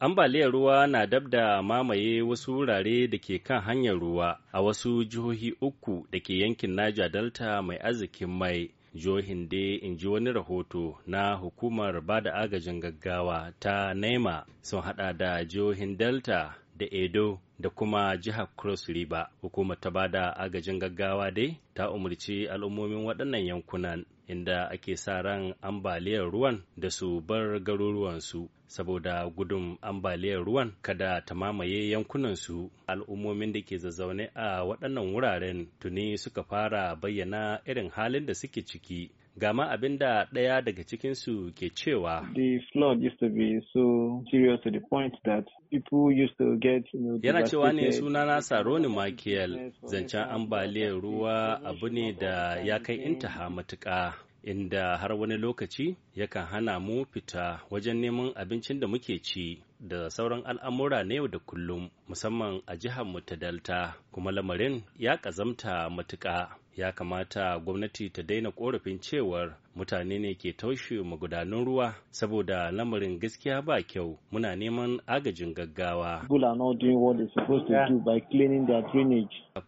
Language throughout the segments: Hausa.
Ambaliyar ruwa na dab da mamaye wasu wurare da ke kan hanyar ruwa a wasu jihohi uku da ke yankin Naja Delta mai arzikin mai. Jihohin dai in ji wani rahoto na hukumar bada agajin gaggawa ta Nema sun hada da jihohin Delta, da edo da kuma jihar cross river hukumar ta bada agajin gaggawa dai ta umarci al'ummomin waɗannan yankunan inda ake sa ran ambaliyar ruwan da su bar garuruwansu saboda gudun ambaliyar ruwan kada ta mamaye yankunansu al'ummomin da ke zazzaune a waɗannan wuraren tuni suka fara bayyana irin halin da suke ciki Gama abin da ɗaya daga cikinsu ke cewa. The flood used to be so serious to the point that people used to get. You know, Yana cewa ne sunana Saroni Michael zancen ambaliyar ruwa abu ne da ya kai intaha matuƙa. Inda har wani lokaci yakan hana mu fita wajen neman abincin da muke ci da sauran al'amura na yau da kullum musamman a jihar mu ta Delta kuma lamarin ya ƙazamta matuƙa. ya kamata gwamnati ta daina korafin cewar mutane ne ke taushe magudanun ruwa saboda lamarin gaskiya ba kyau muna neman agajin gaggawa.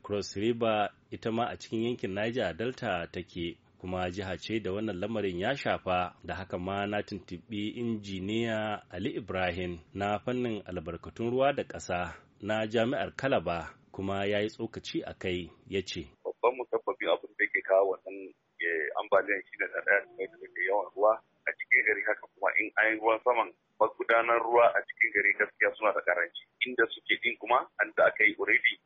Cross River ita ma a cikin yankin Niger Delta take kuma jiha ce da wannan lamarin ya shafa da haka ma na tuntuɓi injiniya Ali Ibrahim na fannin albarkatun ruwa da ƙasa na jami'ar Kalaba kuma ya yi tsokaci a kai ya ce. ambaliyar shi da ɗaya da da yawan ruwa a cikin gari haka kuma in an yi ruwan saman magudanar ruwa a cikin gari gaskiya suna da karanci inda suke din kuma an da aka yi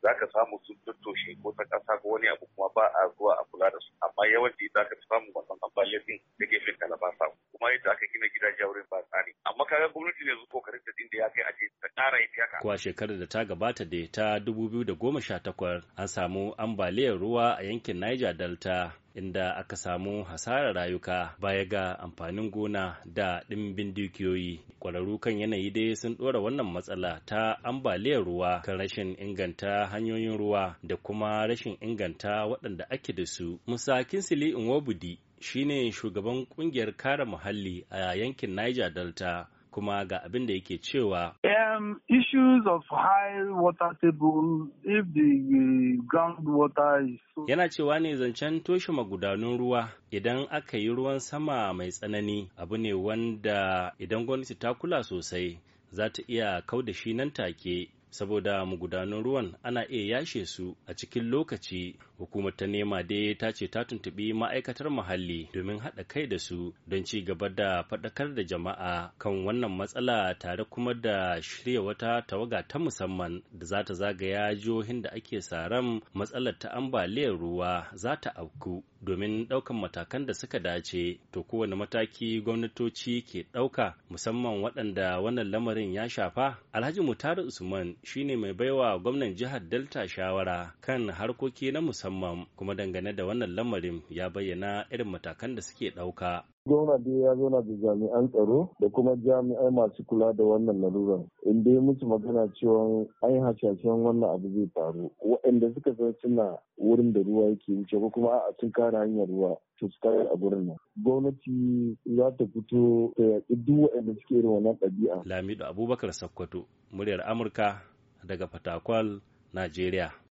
za ka samu sun tattoshe ko ta kasa ko wani abu kuma ba a zuwa a kula da su amma yawanci zaka samu wannan ambaliyar din da gefen fin samu kuma yadda aka gina gidaje wurin ba tsari amma kaga gwamnati ne zuwa kokarin da din da ya kai aje kara ya haka. Kuwa shekarar da ta gabata da ta 2018 an samu ambaliyar ruwa a yankin Niger Delta inda aka samu hasarar rayuka baya ga amfanin gona da ɗimbin dukiyoyi. Ƙwararru kan yanayi dai sun ɗora wannan matsala ta ambaliyar ruwa kan rashin inganta hanyoyin ruwa da kuma rashin inganta waɗanda ake da su. Musa Kinsili Nwobudi shine shugaban ƙungiyar kare muhalli a yankin Niger Delta. kuma ga abin da yake cewa. Um, issues of high water table if the ground water is so... Yana cewa ne zancen toshe magudanun ruwa idan aka yi ruwan sama mai tsanani abu ne wanda idan gwamnati ta kula sosai za ta iya kau da shi nan take saboda magudanun ruwan ana iya yashe su a cikin lokaci hukumar ta nema dai ta ce ta tuntubi ma'aikatar muhalli domin haɗa kai da su don ci gaba da faɗakar da jama'a kan wannan matsala tare kuma da shirya wata tawaga ta musamman da za ta zagaya jihohin da ake saran matsalar ta ambaliyar ruwa za ta auku domin ɗaukan matakan da suka dace to kowane mataki gwamnatoci ke ɗauka musamman waɗanda wannan lamarin ya shafa alhaji mutaru usman shine mai baiwa gwamnan jihar delta shawara kan harkoki na musamman kuma dangane da wannan lamarin ya bayyana irin matakan da suke ɗauka Gwamna dai ya zauna da jami'an tsaro da kuma jami'ai masu kula da wannan laluran. In dai musu magana cewa an yi hasashen wannan abu zai faru. Waɗanda suka san suna wurin da ruwa yake wuce ko kuma a sun kare hanyar ruwa to su kare a gurin nan. Gwamnati za ta fito ta yaƙi duk waɗanda suke irin wannan ɗabi'a. Lamido Abubakar Sakkwato, muryar Amurka daga Fatakwal, Najeriya.